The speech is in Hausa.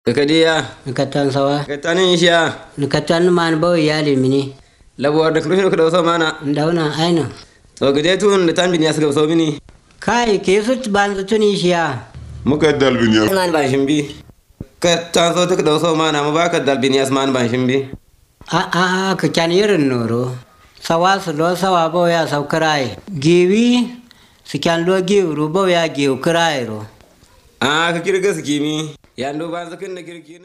kadiya nukatan sawa nkatan insha nkatan man bawo yali mini labo da klushin ka dawo mana ndauna aina to gade tun da tan ya suka so mini kai ke su ban su tun insha muka dalbin ya man ban shimbi ka tan so ta dawo mana mu baka dalbin ya man ban shimbi a a ka kan yirin noro sawa su lo sawa bawo ya saukarai giwi su kan lo giwi ru bawo ya giwi ro Aa ah, ka kirga su kimi ya ndo ba zakin kirki